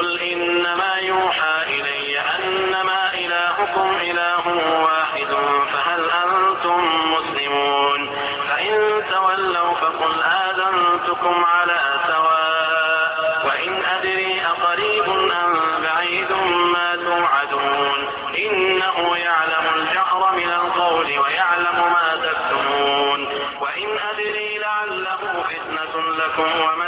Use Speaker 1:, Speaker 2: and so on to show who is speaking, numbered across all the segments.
Speaker 1: قل إنما يوحى إلي أنما إلهكم إله واحد فهل أنتم مسلمون فإن تولوا فقل آذنتكم على سواء وإن أدري أقريب أم بعيد ما توعدون إنه يعلم الجهر من القول ويعلم ما تكتمون وإن أدري لعله فتنة لكم وما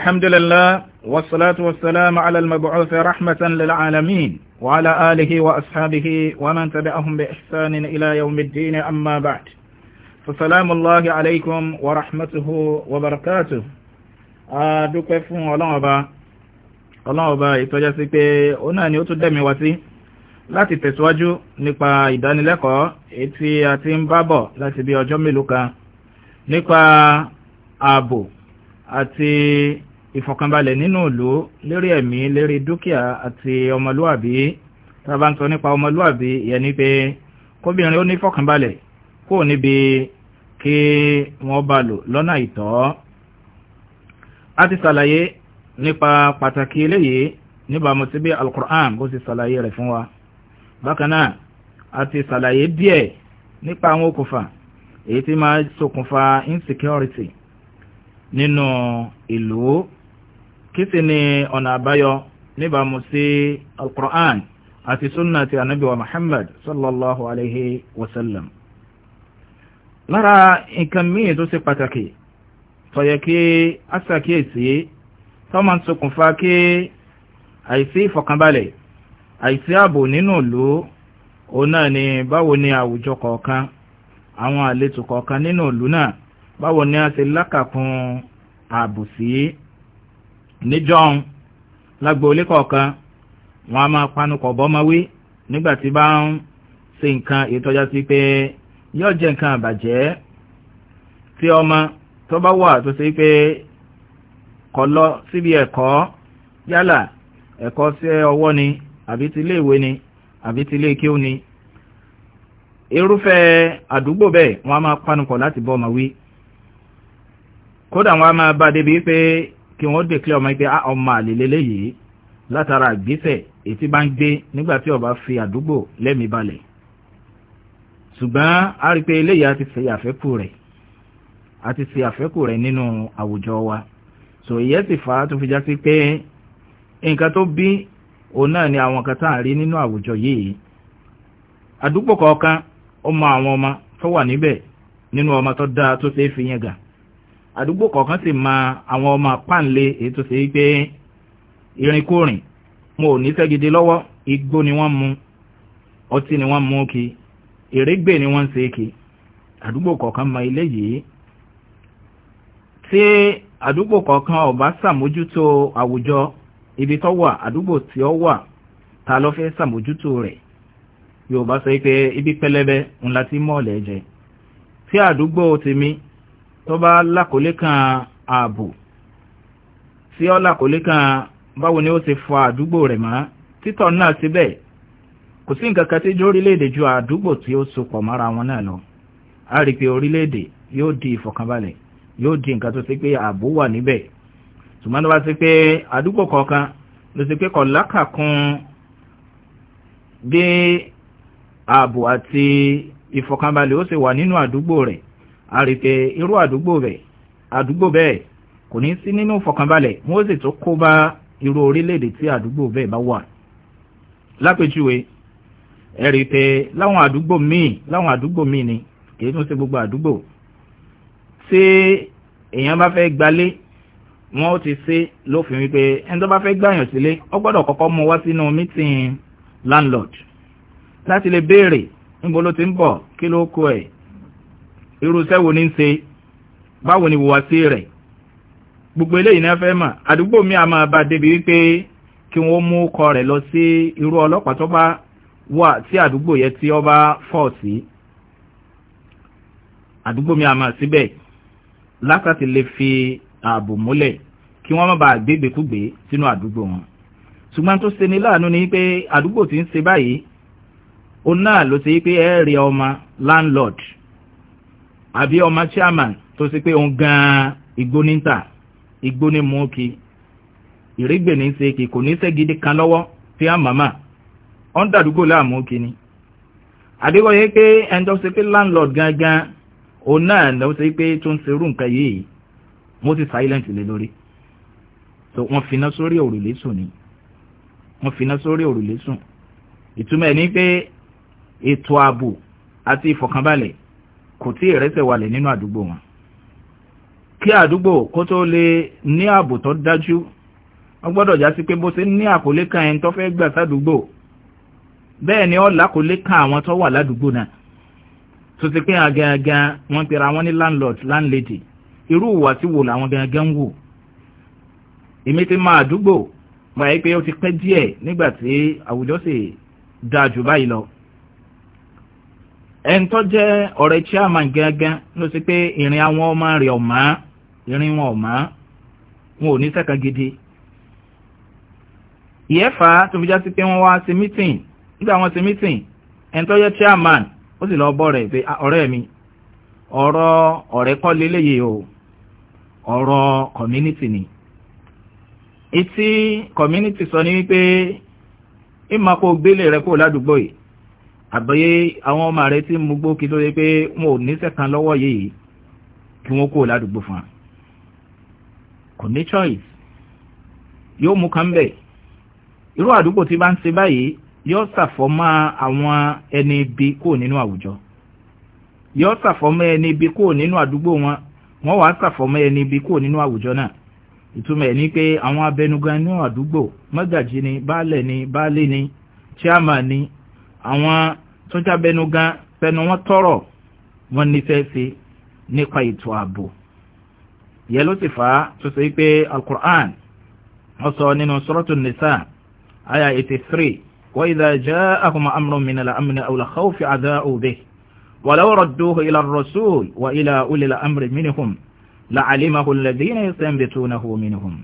Speaker 1: الحمد لله والصلاة والسلام على المبعوث رحمة للعالمين وعلى آله وأصحابه ومن تبعهم بإحسان إلى يوم الدين أما بعد فسلام الله عليكم ورحمته وبركاته adúpẹ́ fún ọlọ́run ọba ọlọ́run ọba ìtọ́jẹ́ sí pé ó náà ni ó tún dẹ̀mí wá sí láti tẹ̀síwájú nípa ìdánilẹ́kọ̀ọ́ etí a ti ń bábọ̀ láti bí ọjọ́ mélòó kan nípa ààbò àti ìfọ̀kànbalẹ̀ nínú ìlú lérí ẹ̀mí lérí dúkìá àti ọmọlúwàbí tá a bá ń sọ nípa ọmọlúwàbí ìyẹn ni pé kóbìnrin ó ní ìfọ̀kànbalẹ̀ kó o níbi kí wọ́n bá lò lọ́nà ìtọ́ a ti ṣàlàyé nípa pàtàkì eléyìí níbàámu sí bí alukur'an bó ti ṣàlàyé rẹ̀ fún wa bákan náà a ti ṣàlàyé díẹ̀ nípa àwọn okùnfà èyí tí máa ṣokùnfà insecurity nino ìlú kìsì ni ọ̀nà àbáyọ níbàámu sí alqur'an àti sunna ti anabi wa muhammad sallallahu alaihi wa sallam lára nǹkan míì tó sì pàtàkì tó kí a ṣàkíyèsí tó máa kí àìsí ìfọ̀kànbalẹ̀ àìsí ààbò nínú ìlú òun náà ni báwo ni àwùjọ a ṣe lákàkún níjọ́un lágbo ilé kọ̀ọ̀kan wọn a máa panukọ̀ bọ́mọwé nígbà tí bá ń ṣe nǹkan ìtọ́já sí pé yóò jẹ́ nǹkan àbàjẹ́ tí ọmọ tó bá wà tó ṣe pé kọlọ lọ síbi ẹ̀kọ́ yálà ẹ̀kọ́ sí ọwọ́ ni àbí ti ilé ìwé ni àbí ti ilé ni irúfẹ́ àdúgbò bẹ́ẹ̀ wọ́n máa panukọ̀ láti kódà a máa bá débi pé kí wọ́n dèklẹ́ ọmọ ẹgbẹ́ ah, ọmọ àlèlélẹ́ yìí látara ìgbésẹ̀ ètí bá ń gbé nígbà tí ọba fi àdúgbò lẹ́mí balẹ̀ ṣùgbọ́n a rí pé eléyìí a ti ṣe àfẹ́kù rẹ̀ a ti ṣe àfẹ́kù rẹ̀ nínú àwùjọ wa so ìyẹn sì fà á tó fi já sí pé nǹkan tó bí òun náà ni àwọn nǹkan tá à ń rí nínú àwùjọ yìí àdúgbò kọ̀ọ̀kan ó mọ àwọn ọmọ tó wà níbẹ̀ nínú ọmọ tó dáa tó ṣe é fi yẹn gàn àdúgbò kọ̀ọ̀kan sì ma àwọn ọmọ páńlé èyí tó ṣe pé irinkúrìn wọn ò ní sẹ́gidi lọ́wọ́ igbó ni wọ́n mu ọtí ni wọ́n mu kí èrègbè ni wọ́n ń ṣe kí àdúgbò kọ̀ọ̀kan ma ilé yìí tí àdúgbò kọ̀ọ̀kan ò bá ṣàmójútó àwùjọ ibi tó wà àdúgbò tí ó wà ta ló fẹ́ ṣàmójútó rẹ̀ Yorùbá sọ pé ibi pẹlẹbẹ ńlá tí mọ́ọ̀lẹ́ jẹ tí àdúgbò tèmi tó bá lákòólé kan ààbò tí ó lákòólé kan báwo ni ó ti fọ àdúgbò rẹ̀ mọ́ títọ̀ náà síbẹ̀ kò sí nǹkan kan tí jó orílẹ̀-èdè ju àdúgbò tí ó sopọ̀ mọ́ra wọn náà lọ a rí pé orílẹ̀-èdè yóò di ìfọ̀kànbalẹ̀ yóò di nǹkan tó ṣe pé ààbò wà níbẹ̀ ṣùgbọ́n tó bá pé àdúgbò kọ̀ọ̀kan ló ṣe pé kọ̀ lákàkún bí ààbò àti ìfọ̀kànbalẹ̀ ó ṣe wà nínú àdúgbò rẹ̀ àrètè irú àdúgbò bẹ̀ àdúgbò bẹ́ẹ̀ kò ní sí nínú fọkànbalẹ̀ wọ́n sì tó kó bá irú orílẹ̀-èdè tí àdúgbò bẹ́ẹ̀ bá wà lápèjúwe ẹ̀rì pé láwọn àdúgbò míì láwọn àdúgbò míì ni kìí tún ṣe gbogbo àdúgbò tí èèyàn bá fẹ́ gbalé wọ́n ti ṣe lófin wípé ẹni tó bá fẹ́ gbàyàn sílé ó gbọ́dọ̀ kọ́kọ́ mú wá sínú mítìn landlord láti lè béèrè níbo ló ti ń bọ̀ kí ló kó ẹ̀ irúṣẹ́ wo ní ń ṣe báwo ni wùwàsí rẹ̀ gbogbo eléyìí náà fẹ́ mọ̀ àdúgbò mi a máa bá débi wípé kí wọ́n mú kọ rẹ̀ lọ sí irú ọlọ́pàá tó bá wà tí àdúgbò yẹn tí ọba fọ̀ sí àdúgbò mi a máa síbẹ̀ lákàtí lè fi ààbò múlẹ̀ kí wọ́n má bàa gbégbèkúgbé sínú àdúgbò wọn ṣùgbọ́n tó ṣe ní láàánú ni pé àdúgbò tí ń ṣe báyìí òun náà ló ṣe pé ẹ̀ẹ́rì ọmọ landlord àbí ọmọ chairman tó sì pé òun gan-an igbó ní ta igbó ní mú kí ìrígbè ní ṣe kì kò ní ṣe gidi kan lọ́wọ́ fi hàn màmá ó dàdúgbò láàmú kí ni àdékọ́yé pé ẹni tó ṣe pé landlord gangan òun náà ló ṣe pé tó ń ṣe irú nǹkan yìí mo ti silent lé lórí so wọ́n finá sórí òrùlé sùn ni wọ́n finá sórí òrùlé sùn ìtumọ̀ ẹ̀ ni pé ètò ààbò àti ìfọ̀kànbalẹ̀ kò tí ìrẹsẹ̀ walẹ̀ nínú àdúgbò wọn kí àdúgbò kó tó lè ní ààbò tó dájú wọ́n gbọ́dọ̀ já sí pé bó ṣe ní àkólé kan ẹni tó fẹ́ gbà sádùúgbò bẹ́ẹ̀ ni ọ̀la kò lè kan àwọn tó wà ládùúgbò náà tó ti pín agangan wọ́n pera wọn ní landlord landlady irú ìwà tí wò làwọn gangan ń wò èmi ti máa àdúgbò wáyé pé ó ti pẹ́ díẹ̀ nígbà tí àwùjọ sì dáa jù báyìí lọ ẹni tó ọrịa chairman gángan ló sì pé ìrìn àwọn ọmọ rẹ̀ ọ̀má ìrìn wọn ọ̀má wọn ò ní sẹ́ka gidi ìyẹ́fà tó fi já sí pé wọ́n wá sí nígbà wọn sí tó chairman ó sì lọ́ọ́ bọ́ ọrịa pé ah, ọ̀rẹ́ mi ọ̀rọ̀ léléyìí o ọrọ community ni etí community sọ ni wípé ìmọ̀ àbẹ́yé àwọn ọmọ rẹ̀ tí mú gbókí lórí pé wọn ò níṣẹ́ kan lọ́wọ́ yìí kí wọ́n kó ládùúgbò fún wa kò ní choice yóò mú kan bẹ̀ irú àdúgbò tí bá ń ṣe báyìí yóò ṣàfọ́mọ́ àwọn ẹni ibi kúrò nínú àwùjọ yóò ṣàfọ́mọ́ ẹni ibi kúrò nínú àdúgbò wọn wọ́n wàá ṣàfọ́mọ́ ẹni ibi kúrò nínú àwùjọ náà ìtumọ̀ ẹ̀ ní pé àwọn abẹnugan inú àdúgbò mọ́gàjí ni baálẹ̀ ni baálé ni chairman ni àwọn tó jábẹnu gan pẹnu wọn tọrọ wọn nífẹ̀ẹ́ sí nípa ètò ààbò ìyẹn ló sì fà á tó sọ pé alukur'an wọ́n sọ nínú sọ́rọ́tù nìsà àyà 83 wọ́n idha ja'ahum amrun min al-amni aw al-khawfi adha'u bihi ولو ردوه إلى الرسول وإلى أولي الأمر منهم لعلمه الذين يستنبتونه منهم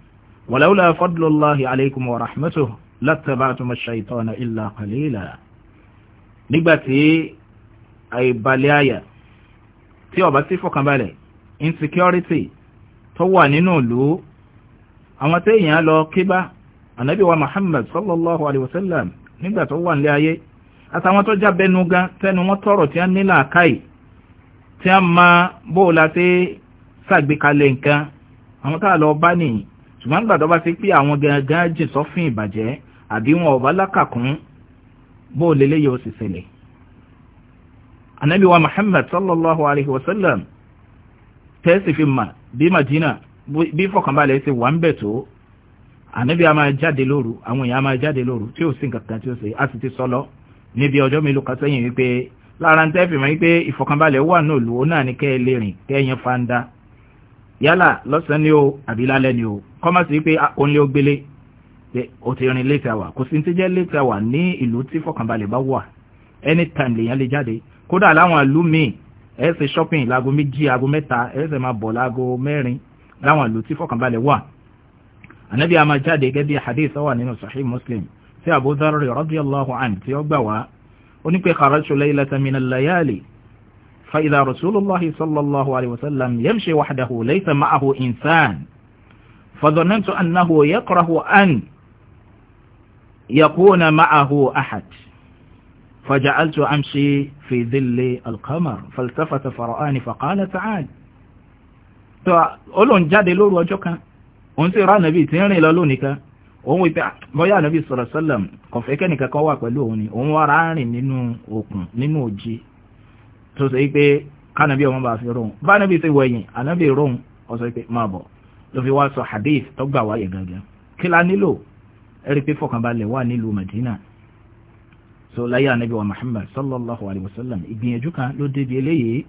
Speaker 1: ولولا فضل الله عليكم ورحمته لاتبعتم الشيطان إلا قليلا nígbàtí àìbalẹ̀ àyà tí ó bá fọkànbalẹ̀ insecurity tó wà nínú ìlú àwọn tí èèyàn lọ kíbá ànábì Muhammad sallallahu alaihi wasallam nígbà tó wà nílé ayé àtàwọn tó já bẹnu gan tẹnu wọn tọrọ tí a nílà káì tí a máa bóòlá tí sàgbékalẹ̀ nǹkan àwọn tá a lọ bá nìyí ṣùgbọ́n gbàdọ́ bá ti pé àwọn gangan jìn sọ́fìn ìbàjẹ́ àbí wọn ọ̀bá lákàkún bó lélẹ́ yóò sì ṣẹlẹ̀ anábíwa muhammad sallallahu alaihi wasallam tẹ́sì fi mà bí madina bí fọkànbalẹ̀ ṣe wà ń bẹ̀ tó anábí a máa jáde lóru àwọn èèyàn a máa jáde lóru tí ó sì nǹkan kan tí ó ṣe a sì ti sọlọ níbi ọjọ́ mélòó kan sẹ́yìn wípé lára ń tẹ́fì mọ́ wípé ìfọkànbalẹ̀ wà náà lù ó náà ní kẹ́ ẹ lè rìn kẹ́ ẹ̀yẹn fanda yálà lọ́sàn-án ni ó àbí lálẹ́ ni ah, ó kọ́mọ́sí pé ó ti rin late hour kò sí ti jẹ́ late hour ní ìlú tí fọkànbalẹ̀ bá wà anytime lèèyàn lè jáde kódà láwọn ìlú míì ẹ ṣe shopping láago méjì aago mẹ́ta ẹ ṣe máa bọ̀ láago mẹ́rin láwọn ìlú tí fọkànbalẹ̀ wà ànábì a jáde gẹ́gẹ́ bí hadith wà nínú sahih muslim tí abu dharri radiyallahu anhu tí ó gbà wá ó ní pé kharajtu laylatan min al-layali fa idha sallallahu alayhi wa sallam yamshi wahdahu laysa ma'ahu insan fa dhanantu annahu yakrahu an يكون معه أحد فجعلت أمشي في ظل القمر فالتفت فرآني فقال تعال Ọlọ́run jáde lóru ọjọ́ kan òun sì rá nàbí tí ń rìn lọ lónìí kan òun wípé bọ́yá nàbí sọ̀rọ̀ sọ́lọ̀m kọ̀fẹ́ kẹ́nìkan kan wà pẹ̀lú òun ni òun wára rìn nínú òkun nínú òjì tó sọ wípé kánàbí ọmọ bá fi rohun bá nàbí ti wẹ̀yìn ànábì rohun ọ̀sọ̀ wípé máa bọ̀ ló fi wá sọ hadith tó gbà wáyé gangan kí la ẹ̀rí pé fọkànbalẹ̀ wà nílùú Madina so láyé anabi wa Muhammad sallallahu alayhi wa sallam ìgbìyànjú kan ló débi eléyìí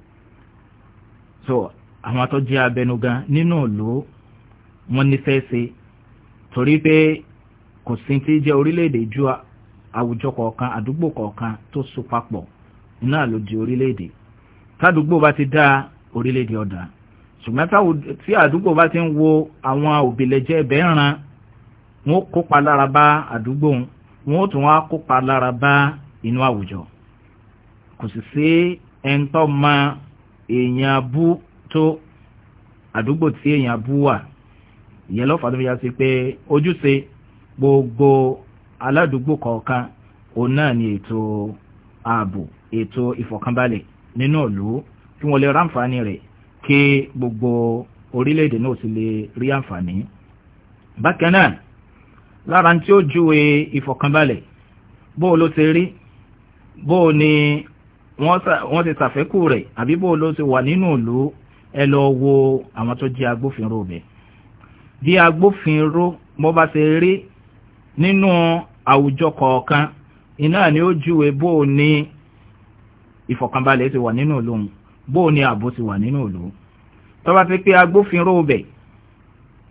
Speaker 1: so àwọn atọ́jú abẹnugan nínú ìlú wọn nífẹ̀ẹ́ sí torí pé kò sí ti jẹ́ orílẹ̀-èdè ju àwùjọ kọ̀ọ̀kan àdúgbò kọ̀ọ̀kan tó so papọ̀ iná ló di orílẹ̀-èdè tádùgbò bá ti dá orílẹ̀-èdè ọ̀dà ṣùgbọ́n tí àdúgbò bá ti ń wo àwọn òbílẹ̀jẹ́ ẹ̀bẹ̀ ń ran wọ́n kópa lára bá àdúgbò wọ́n tún wá kópa lára bá inú àwùjọ kò sì sí ẹ̀ńtọ́ ma èèyàn abú tó àdúgbò tí èèyàn abú wà ìyẹn lọ́fà tó fi yàtọ̀ pé ojúṣe gbogbo aládùúgbò kọ̀ọ̀kan òun náà ni ètò ààbò ètò ìfọ̀kànbalẹ̀ nínú ìlú kí wọ́n lè ráǹfààní rẹ̀ kí gbogbo orílẹ̀-èdè náà sì lè rí àǹfààní. bákan náà lára tí ó júwe ìfọ̀kànbalẹ̀ bó ló ti rí bó ni wọ́n ti ṣàfẹ́kù rẹ̀ àbí bó ló ti wà nínú ìlú ẹ lọ wo àwọn tó jẹ́ agbófinró bẹ̀. bí agbófinró bó bá ṣe rí nínú àwùjọ kọ̀ọ̀kan iná ni ó júwe bó ni ìfọ̀kànbalẹ̀ ti wà nínú ìlú bó ni ààbò ti wà nínú ìlú tó ti pé agbófinró bẹ̀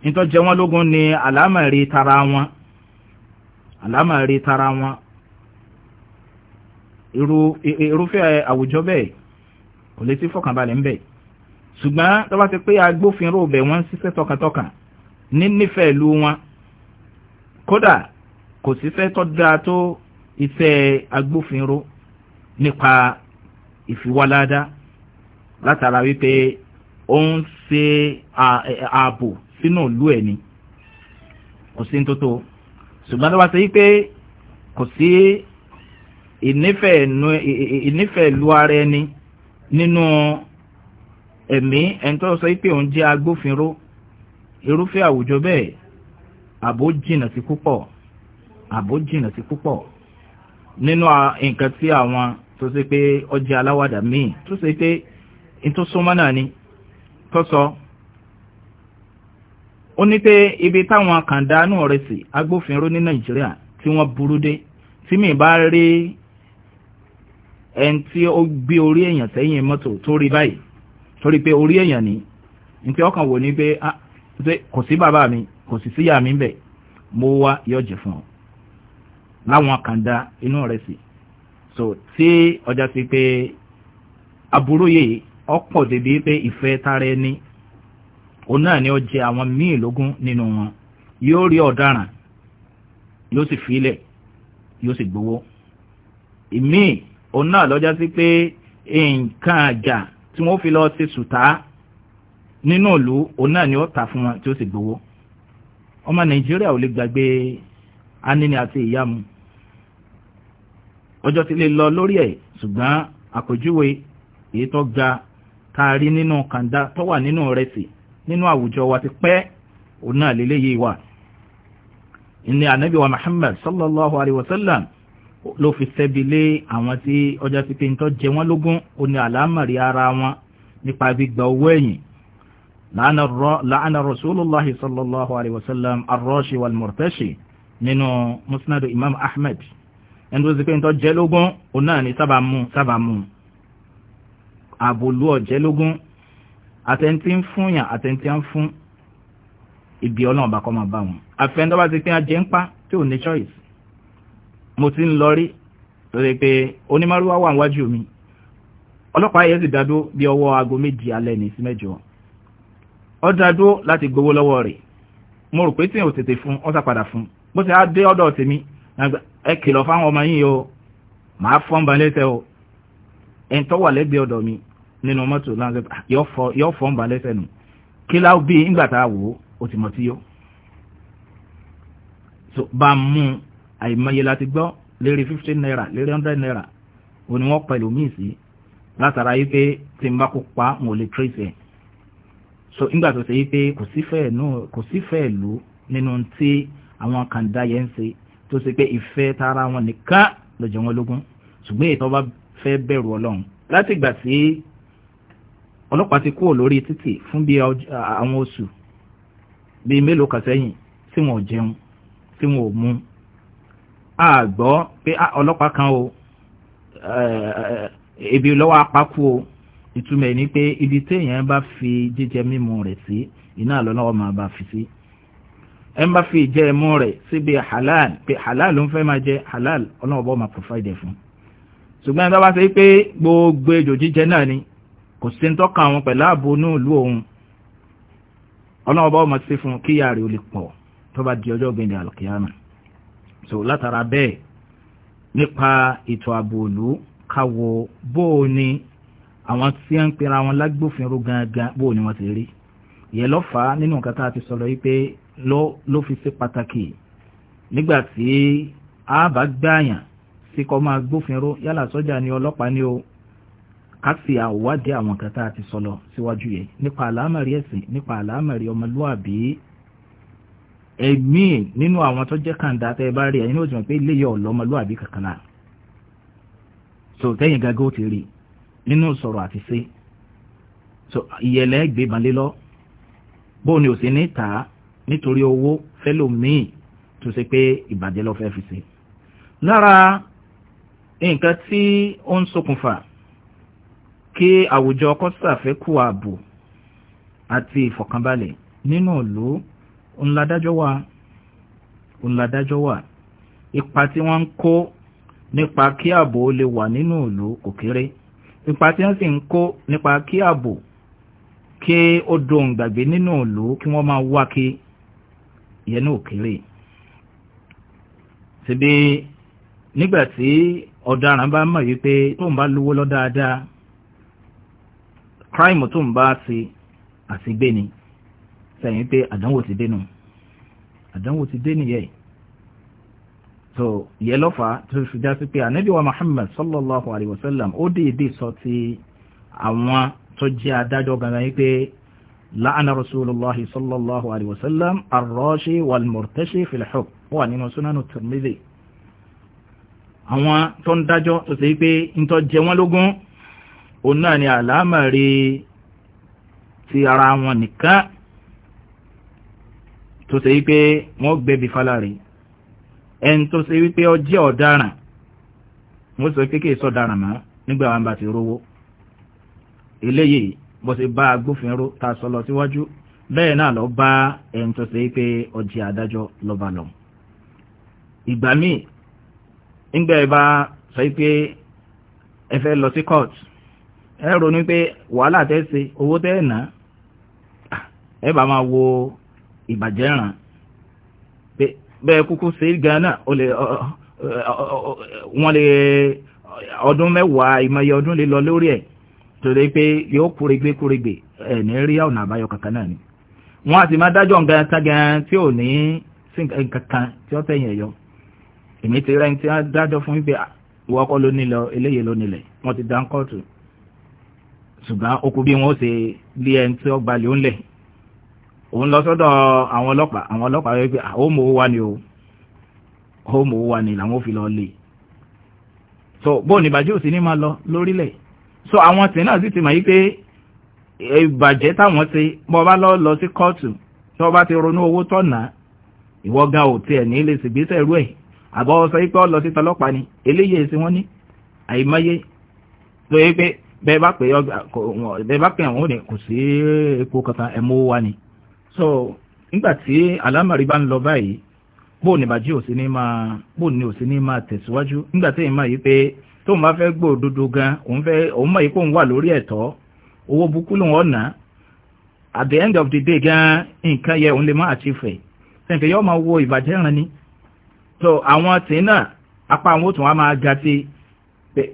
Speaker 1: nítọ́jẹ́ wọn lógún ni àlámọ̀rí tara wọn àlámàrí tara wọn irúfẹ́ àwùjọ bẹ́ẹ̀ kò lè sí fọkànbalẹ̀ ń bẹ̀ ṣùgbọ́n tó bá ti pé agbófinró bẹ̀ wọ́n ṣiṣẹ́ tọkàntọkàn ní nífẹ̀ẹ́ ìlú wọn kódà kò síṣẹ́ tó dáa tó iṣẹ́ agbófinró nípa ìfiwáládá látara wípé ó ń ṣe ààbò sínú ìlú ẹ̀ ni kò sí ní tó tó ṣùgbọ́n tó bá ṣe wípé kò sí ìnífẹ̀ẹ́ lu ara ẹni nínú ẹ̀mí ẹni tó sọ wípé òun jẹ́ agbófinró irúfẹ́ àwùjọ bẹ́ẹ̀ àbó jìnà sí púpọ̀ àbó jìnà sí púpọ̀ nínú nǹkan tí àwọn tó ṣe pé ọjà aláwàdà míì tó ṣe pé ní ni tó sọ. So, ó ní pé ibi táwọn kàndánù ọ̀rẹ́ sí agbófinró ní nàìjíríà tí wọ́n burú dé tí mi bá rí ẹni tí ó gbé orí èèyàn sẹ́yìn mọ́tò tó rí báyìí torí pé orí èèyàn ni nítí ọkàn wò ní ah, pé kò sí bàbá mi kò sì síyà mi mo wá yọjì fún ọ láwọn inú sí so tí ọjà sí pé aburú yìí ọ̀pọ̀ tara ẹni òun náà ni ó jẹ àwọn míì lógún nínú wọn yóò rí ọ̀daràn yóò sì filẹ̀ yóò sì gbowó ìmíì òun náà lọ́jà sí pé nǹkan àjà tí wọ́n fi lọ ṣe sùtá nínú ìlú òun náà ni ó tà fún wọn tí ó sì gbowó ọmọ nàìjíríà ò lè gbàgbé anini àti ìyàmu ọjọ́ ti lè lọ lórí ẹ̀ ṣùgbọ́n àpèjúwe èyí tó ga kaari a rí nínú kàńdá tó wà nínú rẹ̀ sí nínú àwùjọ wa ti pẹ́ òun náà lélẹ́yìí wà ní ànábì wa Muhammad sallallahu alayhi wa sallam ló fi sẹ́bi lé àwọn tí ọjà ti pé ń tọ́ jẹ wọ́n lógún ó ní àlámàrí ara wọn nípa gbígba owó ẹ̀yìn láàánà rasulullahi sallallahu alayhi wa sallam arọ́ṣi wal murtashi nínú musnadu imam ahmed ẹni tó ti pé ń jẹ lógún ó náà ní sábà mú àbòlú ọ̀jẹ́ lógún àtẹ̀ntì ń fún yàn àtẹ̀ntì ń fún ibi ọlọ́run bá kọ́ máa bá wọn àfẹ́ńdọ́ bá ti pín ajé ń pa tí ò ní choice mo ti ń lọ rí lórí pé onímọ̀rúwá wà níwájú mi ọlọ́pàá yẹn sì dádó bí ọwọ́ aago méjì alẹ́ ní sí mẹ́jọ ọ dádó láti gbowó lọ́wọ́ rẹ̀ mo rò pé tí ò tètè fún ọ́sà padà fún bó ti á dé ọ̀dọ̀ tèmi ẹ kìlọ̀ fáwọn ọmọ yín o màá fọ́n balẹ̀ tẹ́ o ẹ̀ ń lẹ́gbẹ̀ẹ́ ọ̀dọ̀ mi nínú mọ́tò náà yọ fọ́ ń ba lẹ́sẹ̀ nù kí láwọ́ bí ńgbà wò ó ti mọ̀ tí yó. so bá a mú àìmọye láti gbọ́ lérí fifteen naira lérí hundred naira òní wọ́n pẹ̀lú míì sí látara yìí pé tí n bá kó pa mo lè trace ẹ̀ so ńgbà tó ṣe yìí pé kò sífẹ̀ẹ́ lò nínú tí àwọn kàńdá yẹn ń ṣe tó ṣe pé ìfẹ́ tara wọn nìkan ló jẹ lógún ṣùgbọ́n ètò ọba fẹ́ bẹ̀rù ọlọ́run láti ìgbà tí ọlọ́pàá ti kúrò lórí títì fún bí àwọn oṣù bíi mélòó kan sẹ́yìn tí wọn ò jẹun tí wọn ò mu a gbọ́ pé ọlọ́pàá kan o ebi lọ́wọ́ apákú o ìtumọ̀ ni pé ibi téèyàn bá fi jíjẹ mímu rẹ̀ sí iná lọ́wọ́ máa bá fi sí ẹ ń bá fi ìjẹ ẹmu rẹ̀ síbi halal pé halal ló ń fẹ́ máa jẹ halal ọlọ́wọ́ bọ́ máa provide fún ṣùgbọ́n ẹ bá wá sí pé gbogbo ejò jíjẹ náà ni kò sí tọ́ka àwọn pẹ̀lú ààbò ní ìlú òun ọlọ́run bá ọmọ sí fún kí ìyá rẹ̀ pọ̀ tó bá di ọjọ́ gbẹ̀ndẹ̀ àlùkìyàmù so látara bẹ́ẹ̀ nípa ètò ààbò ìlú káwọ bóò ni àwọn tí ń pera wọn lágbófinró gangan bóò ni wọ́n ti rí ìyẹn ló fà nínú nǹkan tá a ti sọ̀rọ̀ yìí pé ló fi ṣe pàtàkì nígbà tí a bá gbààyàn sí kọ́ máa gbófinró yálà sọ́jà ni ọlọ́pàá ni o ká fi àwádìí àwọn kan tá a ti sọ lọ síwájú yẹn nípa àlámọ̀rí ẹ̀sìn nípa àlámọ̀rí ọmọlúwàbí ẹ̀mí nínú àwọn tó jẹ́ kàńdà tẹ́ ẹ bá rí ẹ inú òjò pé ilé yọ kankan náà so tẹ́yìn gàgà ó ti rí nínú sọ̀rọ̀ àti ṣe so ìyẹ̀lẹ̀ gbé balẹ̀ lọ bóun ni ò sí ní tà á nítorí owó fẹ́lòmíì tó ṣe pé ìbàjẹ́ ló fẹ́ fi ṣe lára nǹkan tí ó ń ṣokùnfà kí àwùjọ kọ́sàfẹ́kù ààbò àti ìfọ̀kànbalẹ̀ nínú ìlú ńládájọ́ wà ńládájọ́ wà ipa tí wọ́n ń kó nípa kí ààbò lè wà nínú ìlú kò kéré ipa tí wọ́n sì ń kó nípa kí ààbò kí ó dohun gbàgbé nínú ìlú kí wọ́n máa wá kí ìyẹn náà kéré síbi nígbà tí ọ̀daràn bá mọ̀ wípé tóun bá lówó lọ dáadáa crime tó ń bá ṣe àṣegbé ni sẹ́yìn pé àdánwò ti dénú àdánwò ti dé nìyẹn so ìyẹn lọ́fà tó fi já sí pé ànábì wa Muhammad sallallahu alayhi wa sallam ó déédéé sọ ti àwọn tó jẹ́ adájọ́ gangan yìí pé la'ana rasulillah sallallahu alayhi wa sallam arrashi wal murtashi fil hukm wà nínú sunanu Tirmidhi àwọn tó ń dájọ́ tó ṣe pé ń tó jẹ wọ́n lógún òun náà ni àlámọ̀rí ti ara wọn nìkan tó ṣe wípé wọ́n gbẹ̀bí fálárì ẹni tó ṣe wípé ó jẹ́ ọ̀daràn wọ́n sọ pé kí èso ọ̀daràn mọ́ nígbà wọn bá ti rówó eléyìí bó ṣe bá agbófinró ta sọ lọ síwájú bẹ́ẹ̀ náà lọ bá ẹni tó ṣe pé ó adájọ́ lọ́ba lọ ìgbà míì nígbà ẹ bá sọ pé ẹ fẹ́ lọ sí court ẹ ronú pé wàhálà owó tẹ́ ẹ bá máa wo ìbàjẹ́ ràn bẹ́ẹ̀ kúkú sí ghana wọ́n lè ọdún mẹ́wàá ìmọ̀ye ọdún lè lọ lórí ẹ̀ torí pé yóò kúrégbé kúrégbé ẹ̀ ní rí ọ̀nà ni wọ́n á sì máa dájọ́ nǹkan tágan tí ò ní kan tí ó tẹ̀yìn ẹ̀yọ èmi ti rẹ́ni tí fún wípé wọ́n kọ́ eléyìí ṣùgbọ́n okùn bí wọ́n ṣe lé ẹni tí ó gbalẹ̀ òun lẹ̀ òun lọ sọ́dọ̀ àwọn ọlọ́pàá àwọn ọlọ́pàá wọ́n pé àwọn ọmọ wa ni o ọmọ wa ni làwọn fi lọ lè so bóun ìbàjẹ́ òsì ní máa lọ lórílẹ̀ so àwọn tì náà sì ti mọ̀ yí pé ìbàjẹ́ táwọn ṣe bọ́ bá lọ lọ sí kóòtù tí wọ́n bá ti ronú owó tọ̀nà ìwọ gan ò tiẹ̀ ní lè ṣègbésẹ̀ rú ẹ̀ àbọ̀ sọ pé ọ lọ sí tọlọ́pàá ni eléyìí èsì wọn ní àìmọye lóye pé bẹ́ẹ̀ bá pè bẹ́ẹ̀ bá pè àwọn òní kò sí epo kankan ẹ̀mọ́ wa ni so nígbà tí alámàrí bá ń lọ báyìí bóun ní bàjí ò sí ní máa bóun ní ò sí ní máa tẹ̀síwájú nígbà tí èyí máa yí pé tóun bá fẹ́ gbò dodo gan òun fẹ́ òun máa yí pé òun wà lórí ẹ̀tọ́ owó bukú lòun ọ̀nà at the end of the day gan nǹkan yẹ òun lè má àtìfẹ̀ sẹ̀ǹkẹ̀ yóò máa wo ìbàjẹ́ rán ni so àwọn tìǹ náà apá àwọn òtún wa máa ga sí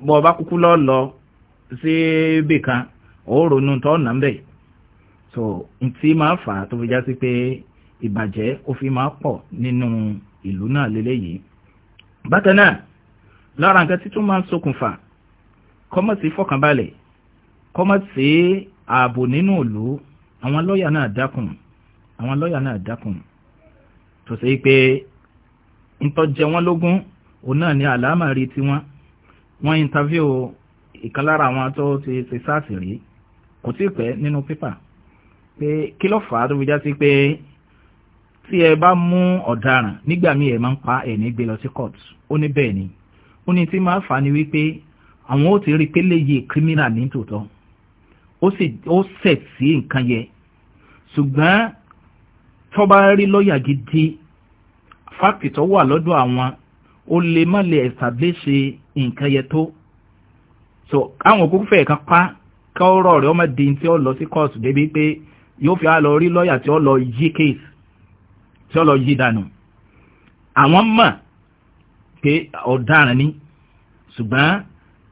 Speaker 1: bọ́ọ̀ bá kúkú lọ́ọ́ lọ síbì kan ó ronú tọ́ nà ń bẹ̀ so ntí máa fà á tó fi já sí pé ìbàjẹ́ ó fi máa pọ̀ nínú ìlú náà lélẹ́yìí bákan náà lára nǹkan títún máa ń ṣokùnfà kọ́mọ̀sí fọkànbalẹ̀ kọ́mọ̀sí ààbò nínú ìlú àwọn lọ́ọ̀yà náà dákùn àwọn lọ́ọ̀yà náà dákùn tó ṣe pé ntọ́jẹ wọn lógún òun náà ní àlámà rí tiwọn wọ́n interview ìkan lára àwọn tó ti ṣe sáàsì rí kò tí pẹ́ nínú pépà pé kí ló fà á tó fi já sí pé tí ẹ bá mú ọ̀daràn nígbà míì ẹ máa ń pa ẹ̀ ní gbé lọ sí court ó ní bẹ́ẹ̀ ni ó ní tí máa fà á ni wípé àwọn ó ti rí pé léyè criminal ní tòótọ́ ó sì ó sẹ̀ sí nǹkan yẹ ṣùgbọ́n tó bá rí lọ́ọ̀yà gidi fáàkì tó wà lọ́dọ̀ àwọn ó lè má lè establish nǹkan yẹ tó so káwọn òkú fẹ̀ kan pa kọ́rọ̀ rẹ̀ ọmọ di tí ó lọ sí kóòtù débi pé yóò fi á lọ rí lọ́ọ̀yà tí ó lọ yí kéèsì tí ó lọ yí dànù àwọn mọ̀ pé ọ̀daràn ni ṣùgbọ́n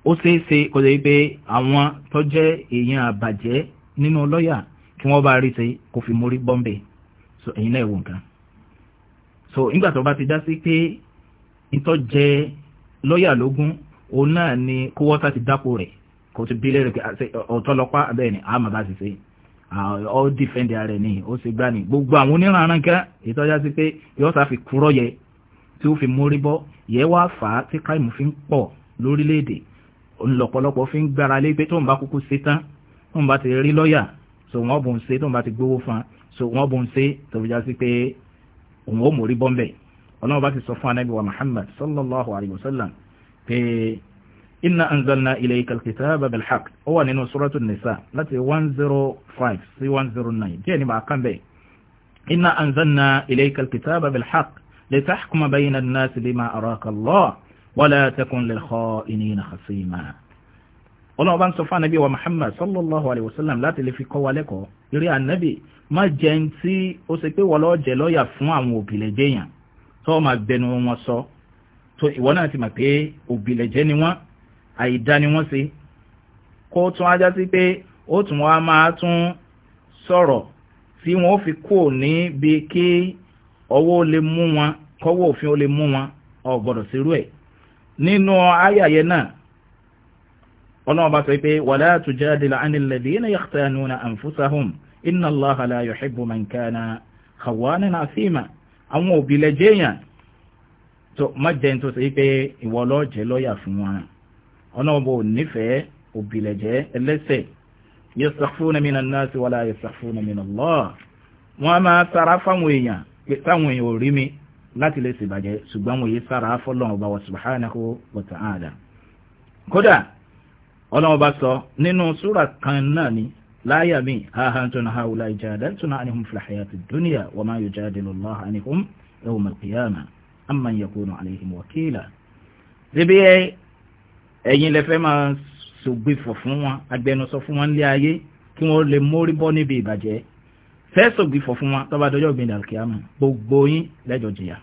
Speaker 1: ó ṣeé ṣe kó lè pé àwọn tó jẹ́ èèyàn àbàjẹ́ nínú lọ́ọ̀yà kí wọ́n bá rí ṣe kó fi mórí bọ́m̀bẹ̀ so ẹ̀yin náà wò nǹkan so nígbà tó bá ti dá sí pé ìtọ́jẹ́ lọ́ọ̀yà lógún òun náà ni kó wọ́tà ti dápò rẹ̀ kò ti bílẹ̀ rẹ̀ ọ̀tọ́lọpá bẹ́ẹ̀ ni àmà bá ti ṣe ọ dìfẹ́ǹdì ara ẹ̀ ní ó ṣe gbá ni gbogbo àwọn oníranran kẹ́ ìtọ́já sí pé yóò sá fi kúrọ́ yẹ tí ó fi mórí bọ́ yẹ wá fà á tí káìmù fi ń pọ̀ lórílẹ̀‐èdè ńlọ̀pọ̀lọpọ̀ fi ń gbára lé pé tóun bá kúkú ṣe tán tóun bá ti rí lọ́ọ̀yà so wọ́n bò ń ṣe tóun bá ti gbowó fún un so wọ́n bò ń ṣe tó fi já sí pé òun ó mórí bọ́ ọlọ́run bá ti sọ fún anábìwá Muhammad sallallahu alayhi wa sallam pé inna anzalna ilayka al-kitaba bil-haqq ó wà nínú suratu nisa láti 105 sí 109 díẹ̀ ní bàá kan bẹ́ẹ̀ inna anzalna ilayka al-kitaba bil-haqq litahkuma bayna an-nasi bima araka Allah wa la takun lil-kha'inina khasima ọlọ́run bá ń sọ fún wa muhammad sallallahu alayhi wa láti lè fi kọ́ wa lẹ́kọ̀ọ́ eré anabi má jẹ́ ń tí ó ṣe pé wọ́n jẹ́ lọ́ọ̀yà fún àwọn òbílẹ̀ jẹ́yàn tó máa gbẹnu wọn sọ so ìwọ náà ti mọ̀ pé òbílẹ̀jẹ́ ni wọ́n àìdá ni wọ́n ṣe kó tún ajá sí pé ó tún wá máa tún sọ̀rọ̀ tí wọ́n fi kú níbi kí ọwọ́ lè mú wọn kọ́wọ́ òfin ó lè mú wọn ò gbọ́dọ̀ sírú ẹ̀ nínú ayàyẹ náà ọlọ́run bá sọ pé wala tujadil anil ladina yakhtanuna anfusahum inna allaha la yuhibbu man kana àwọn òbílẹ̀jẹ́ yàn tó mọ́jẹ́ tó ṣe pé ìwọ ọlọ́jẹ́ lọ́ọ̀yà fún wọn ọlọ́ọ̀bọ̀ nífẹ̀ẹ́ òbílẹ̀jẹ́ ẹlẹ́sẹ̀ yastakhfuna minan nasi wala yastakhfuna minallah wọ́n máa sára fáwọn èèyàn pé táwọn èèyàn ò rí mi láti lè ṣèbàjẹ́ ṣùgbọ́n wọ́n yé sára fọ́lọ́n ọba wa subhanahu wa ta'ala kódà ọlọ́run ọba sọ nínú súra kan náà ni láyà mi ahantun haula jadaltuna anihum fil hayati dunya wa ma yujadilu Allah anihum yawm al-qiyamah amman yakunu alayhim wakila síbi ẹ̀yin lẹ́fẹ́ máa sògbìfọ̀ fún wọn agbẹnusọ fún wọn nílé ayé kí wọ́n lè mórí bọ́ níbi ìbàjẹ́ fẹ́ sògbìfọ̀ fún wọn tọ́ba dọjọ́ gbìn dàkíyàmù gbogbo yín lẹ́jọ́ jìyà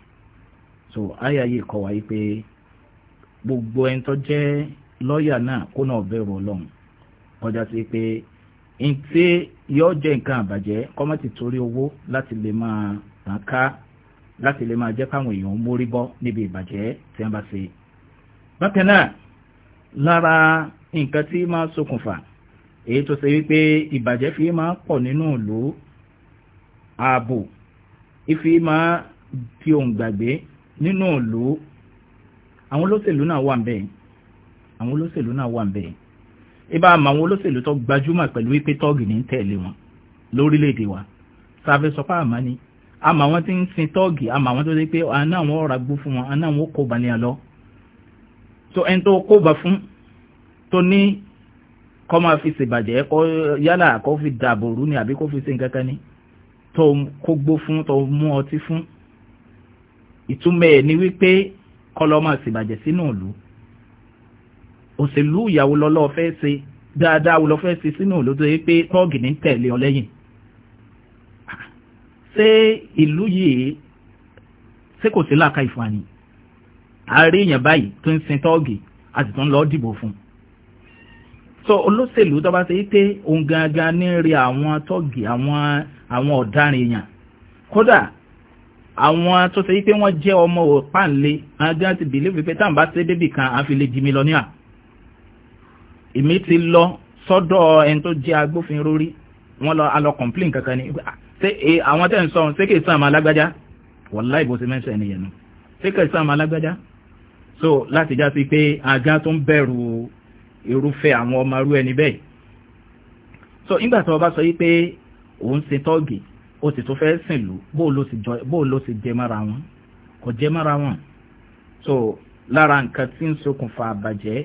Speaker 1: so ayé ayé kọ wáyé pé gbogbo ẹni tó jẹ́ lọ́ọ̀yà náà kó náà bẹ̀rù ọlọ́run kọjá sí pé ntí yóò jẹ́ nǹkan àbàjẹ́ kọ́mọ́tì torí owó láti lè máa tàn ká láti lè máa jẹ́ káwọn èèyàn mórí bọ́ níbi ìbàjẹ́ tí wọ́n bá ṣe. bákan náà lára nǹkan tí máa ṣokùnfà èyí tó ṣe wípé ìbàjẹ́ fi máa pọ̀ nínú ìlú ààbò ìfi máa di ohun gbàgbé nínú ìlú àwọn olóṣèlú náà wà ń bẹ̀ àwọn olóṣèlú náà wà ń ibà àmọ́ àwọn olóṣèlú tó gbajúmọ̀ pẹ̀lú wípé tọ́ọ̀gì ní tẹ̀lé wọn lórílẹ̀‐èdè wa sáfẹ́ àmọ́ ni àmọ́ àwọn tí ń sin tọ́ọ̀gì àmọ́ àwọn tó ṣe pé àná àwọn ọ̀rà gbó fún wọn àná àwọn kò bá ní àlọ́ so ẹni tó kó bá fún tó ní kọ́ máa fi ṣèbàjẹ́ kọ́ yálà kó fi dààbò rú ni àbí kó fi ṣe nǹkan ni tó kó gbó fún tó mú ọtí fún ìtumọ̀ ẹ̀ ni wípé kọ́ lọ́ máa ṣèbàjẹ́ sínú ìlú òṣèlú ìyàwó lọ́lọ́ fẹ́ ṣe dáadáa lọ́ fẹ́ ṣe sínú ìlú tó yẹ pé tọ́ọ̀gì ní tẹ̀lé ọ lẹ́yìn ṣé ìlú yìí ṣé kò sí làákà ìfani ààrẹ èèyàn báyìí tó ń sin tọ́ọ̀gì a sì tún lọ dìbò fún un so olóṣèlú tó bá ṣe pé òun gangan ní rí àwọn tọ́ọ̀gì àwọn àwọn ọ̀daràn èèyàn kódà àwọn tó ṣe pé wọ́n jẹ́ ọmọ òpáǹlé agan ti bìlífì pé táǹbà ṣe débì kan àfi lè jí mílíọ̀nìyà èmi ti lọ sọ́dọ̀ ẹni tó jẹ́ agbófinró rí wọ́n lọ alọ́ complain kankan ni ṣé eh, àwọn tẹ́ ń sọ ṣé kì í sàn máa lágbájá wàláì bó ṣe mẹ́sẹ̀ nìyẹn nù ṣé kì í sàn máa lágbájá so láti já sí pé àga tó ń bẹ̀rù irúfẹ́ àwọn ọmọ arú ẹni bẹ́ẹ̀ so nígbà tí wọ́n bá sọ yí pé òun ṣe tọ́ọ̀gì ó sì tún fẹ́ sìn lù bóò ló sì jẹ mọ́ra wọn kò jẹ mọ́ra wọn so lára nǹkan tí ń ṣokùnfà àbàjẹ́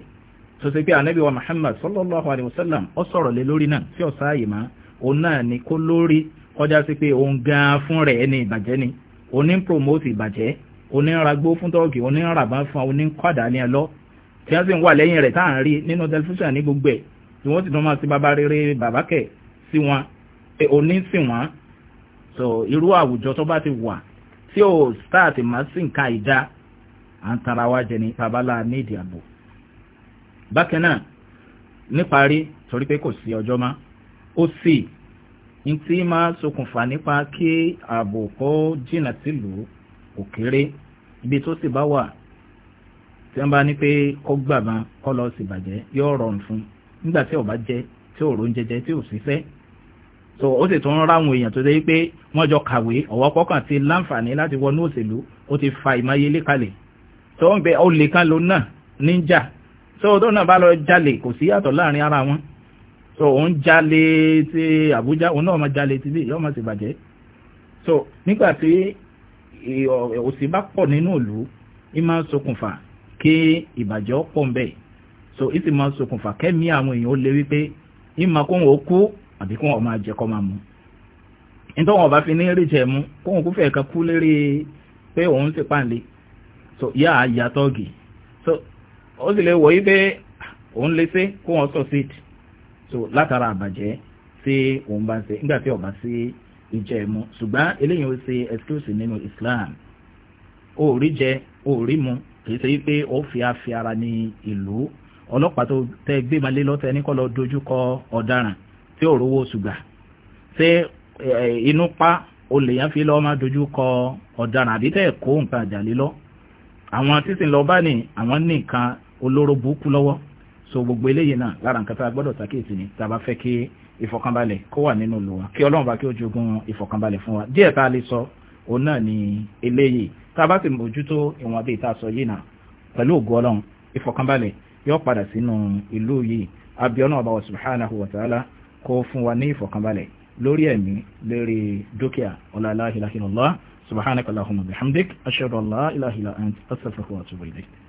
Speaker 1: tó ṣe pé ànábì wa Muhammad sallallahu alayhi wa sallam ó sọ̀rọ̀ lé lórí náà tí ọ̀sá àyè máa òun náà ni kó lórí kọjá sí pé òun gan fún rẹ̀ ní ìbàjẹ́ ni òní ń promote ìbàjẹ́ òní ń ragbó fún tọ́ọ̀kì òní ń ràbá fún òní ń kọ́dà ní ẹlọ́ tí wọ́n sì ń wà lẹ́yìn rẹ̀ tá ń rí nínú tẹlifíṣàn ní gbogbo ẹ̀ tí wọ́n sì tún máa sí bàbá rere bàbá kẹ̀ sí wọn pé òní sì wọ́n so irú àwùjọ tó bá ti wà tí ò start máa sì ń ka ìdá à ń tara wa jẹ ní babalá nídìí àbò bákan náà níparí torí pé kò sí ọjọ́ mọ́ ó sì ní tí máa ṣokùnfà nípa kí ààbò kó jìnnà sílùú kò kéré ibi tó sì bá wà tí wọ́n bá ní pé kó gbàgbọ́n kó lọ sí bàjẹ́ yóò rọrùn fún nígbà tí ò bá jẹ́ tí ò rò ń jẹjẹ tí ò síṣẹ́ so ó sì tún ráwọn èèyàn tó dé pé wọ́n jọ kàwé ọ̀wọ́ kọ́kàn ti láǹfààní láti wọnú òṣèlú ó ti fa ìmáyélé kalẹ̀ tó ń bẹ olè kan ló náà níjà tó tó náà bá lọ jalè kò sí yàtọ̀ láàrin ara wọn so òun jalè ti Àbújá òun náà máa jalè ti bí yóò máa ti bàjẹ́ so nígbà tí òsì bá pọ̀ nínú ìlú ì máa ń kí ìbàjẹ́ pọ̀ ń so ì sì máa ń ṣokùnfà kẹ́mi àwọn èèyàn ó lé wípé ì máa kóhun ó kú àbí kóhun ó máa jẹ kó máa mu nítorí wọn bá fi ní rí jẹmu kóhun kú fẹ́ẹ̀ kan kú lérí pé òun ti pàǹlẹ̀ so yá àyà tọ́ọ̀gì so ó sì lè wọ̀ yí pé òun lè ṣe kóhun ó síìtì so látara àbàjẹ́ tí òun bá ṣe nígbà tí ọba sí mu ṣùgbọ́n eléyìí ó ṣe excuse nínú Islam ó rí jẹ ó rí mu kì í ṣe pé ó fi àfi ara ní ìlú ọlọ́pàá tó tẹ gbé malé lọ́tẹ̀ ní lọ dojú kọ ọ̀daràn tí ò rówó ṣùgbà ṣé inú pa fi lọ́ ma dojú kọ ọ̀daràn àbí tẹ̀ kó nǹkan àwọn so gbogbo eléyìí náà lára nǹkan tá a gbọ́dọ̀ ṣàkíyèsí ni tá a bá fẹ́ kí ìfọ̀kànbalẹ̀ kó wà nínú ìlú wa kí ọlọ́run bá kí ó jogún ìfọ̀kànbalẹ̀ fún wa díẹ̀ tá a lè sọ òun náà ni eléyìí tá a bá sì mójútó ìwọ̀n bíi tá a sọ yìí náà pẹ̀lú ògo ọlọ́run ìfọ̀kànbalẹ̀ yóò padà sínú ìlú yìí abiọ́nà ọba subhanahu wa ta'ala kó fún wa ní ìfọ̀kànbalẹ̀ lórí ẹ̀mí lórí dúkìá ọlá la ilaha illallah subhanaka bihamdik ashhadu an la ilaha illa